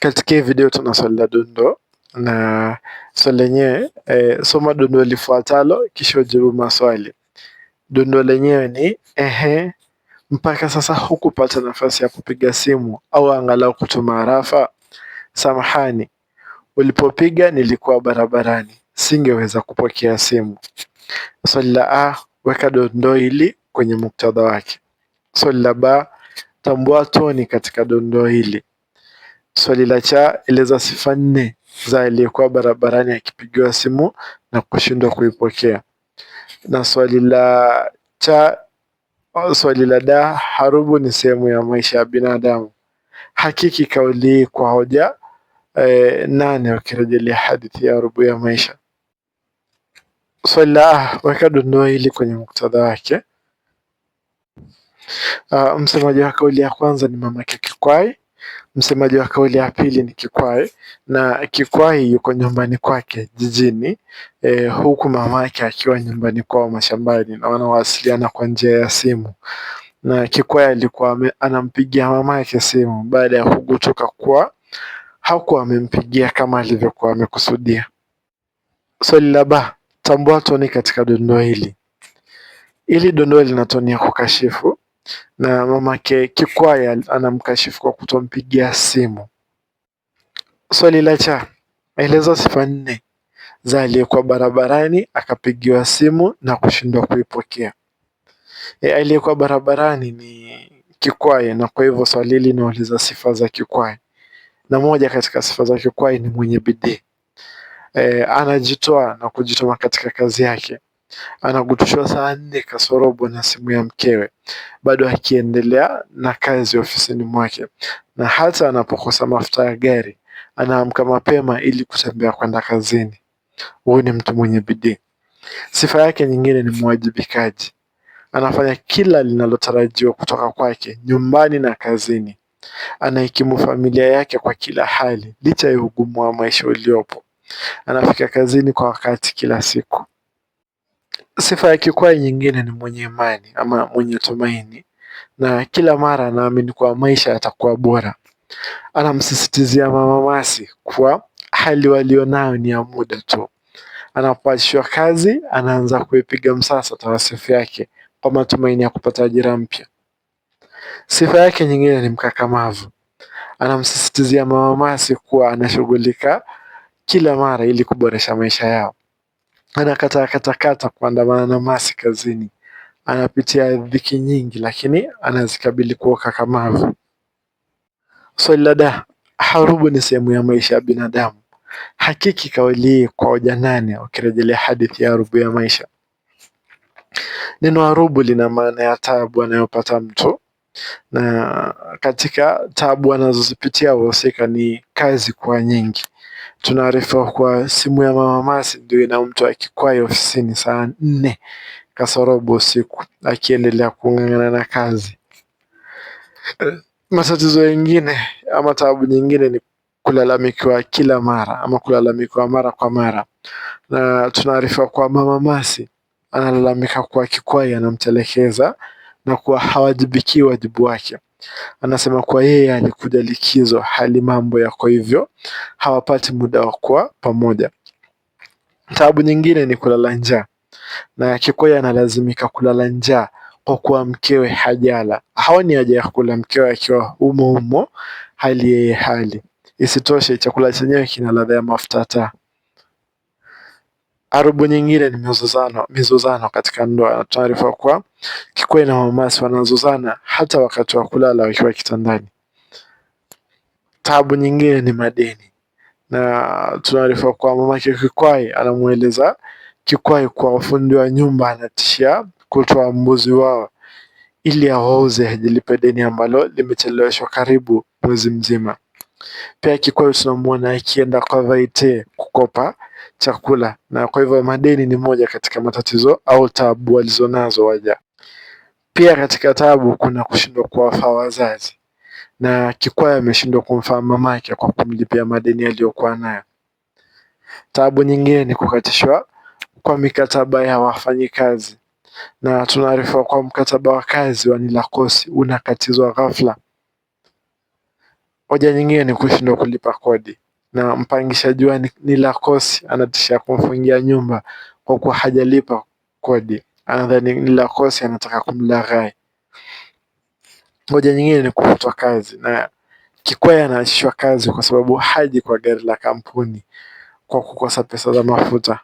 Katika hii video tuna swali la dondoo na swali lenyewe eh, soma dondoo lifuatalo kisha ujibu maswali. Dondoo lenyewe ni ehe, mpaka sasa hukupata nafasi ya kupiga simu au angalau kutuma arafa? Samahani, ulipopiga nilikuwa barabarani, singeweza kupokea simu. Swali la a, weka dondoo hili kwenye muktadha wake. Swali la ba, tambua toni katika dondoo hili. Swali la cha eleza sifa nne za aliyekuwa barabarani akipigiwa simu na kushindwa kuipokea, na swali la cha swali la da harubu ni sehemu ya maisha ya binadamu. Hakiki kauli hii kwa hoja eh, nane ukirejelea hadithi ya harubu ya maisha. Swali la weka dondoo hili kwenye muktadha wake. Uh, msemaji wa kauli ya kwanza ni mamake Kikwai Msemaji wa kauli ya pili ni Kikwai na Kikwai yuko nyumbani kwake jijini e, huku yake akiwa nyumbani kwao mashambani na wanawasiliana kwa njia ya simu na Kikwai alikuwa anampigia mama yake simu baada ya kugutuka kuwa hakuwa amempigia kama alivyokuwa amekusudia. Swali la ba, tambua toni katika dondoo hili. Ili dondoo linatonia kukashifu, na mamake Kikwaya anamkashifu kwa kutompigia simu. Swali la cha, eleza sifa nne za aliyekuwa barabarani akapigiwa simu na kushindwa kuipokea. E, aliyekuwa barabarani ni Kikwaya, na kwa hivyo swali hili linauliza sifa za Kikwaya, na moja katika sifa za Kikwaya ni mwenye bidii. E, anajitoa na kujituma katika kazi yake. Anagutushwa saa nne kasorobo na simu ya mkewe, bado akiendelea na kazi ofisini mwake, na hata anapokosa mafuta ya gari anaamka mapema ili kutembea kwenda kazini. Huyu ni mtu mwenye bidii. Sifa yake nyingine ni mwajibikaji. Anafanya kila linalotarajiwa kutoka kwake nyumbani na kazini. Anaikimu familia yake kwa kila hali licha ya ugumu wa maisha uliopo. Anafika kazini kwa wakati kila siku. Sifa ya kikwai nyingine ni mwenye imani ama mwenye tumaini, na kila mara anaamini kuwa maisha yatakuwa bora. Anamsisitizia Mama Masi kuwa hali walionayo ni ya muda tu. Anapoachishwa kazi, anaanza kuipiga msasa tawasifu yake kwa matumaini ya kupata ajira mpya. Sifa yake nyingine ni mkakamavu. Anamsisitizia Mama Masi kuwa anashughulika kila mara ili kuboresha maisha yao anakata kata kata kuandamana na Masi kazini. Anapitia dhiki nyingi, lakini anazikabili kwa ukakamavu. Swali la da, harubu ni sehemu ya maisha ya binadamu. Hakiki kauli hii kwa hoja nane ukirejelea hadithi ya harubu ya maisha. Neno harubu lina maana ya tabu anayopata mtu, na katika tabu anazozipitia wahusika ni kazi kuwa nyingi. Tunaarifiwa kuwa simu ya mama Masi ndio mtu Kikwai ofisini saa nne kasorobo usiku akiendelea kung'ang'ana na kazi. Matatizo yengine ama taabu nyingine ni kulalamikiwa kila mara ama kulalamikiwa mara kwa mara, na tunaarifiwa kuwa mama Masi analalamika kuwa Kikwai anamtelekeza na kuwa hawajibikii wajibu wake. Anasema kuwa yeye alikuja likizo hali mambo yako hivyo, hawapati muda wa kuwa pamoja. Taabu nyingine ni kulala njaa, na Kikoi analazimika kulala njaa kwa kuwa mkewe hajala, haoni haja ya kula, mkewe akiwa umo umo hali yeye hali. Isitoshe, chakula chenyewe kina ladha ya mafuta taa. Arubu nyingine ni mizozano, mizozano katika ndoa. Taarifa kwa Kikwe na mamasi wanazozana hata wakati wa kulala wakiwa kitandani. Tabu nyingine ni madeni, na tunaarifa kwa mamake Kikwai anamweleza Kikwai kwa ufundi wa nyumba anatishia kutoa mbuzi wao ili awauze ajilipe deni ambalo limecheleweshwa karibu mwezi mzima. Pia Kikwai tunamwona akienda kwa Vaite kukopa chakula, na kwa hivyo madeni ni moja katika matatizo au tabu walizonazo waja. Pia katika tabu kuna kushindwa kuwafaa wazazi, na Kikwaya ameshindwa kumfaa mamake kwa kumlipia madeni aliyokuwa nayo. Tabu nyingine ni kukatishwa kwa mikataba ya wafanyikazi, na tunaarifiwa kwa mkataba wa kazi wa Nilakosi unakatizwa ghafla. Hoja nyingine ni kushindwa kulipa kodi na mpangishaji wa kosi anatishia kumfungia nyumba kwa kuwa hajalipa kodi. Anadhani kosi anataka kumlaghai. ngoja nyingine ni kufutwa kazi, na kikwai anaachishwa kazi kwa sababu haji kwa gari la kampuni kwa kukosa pesa za mafuta.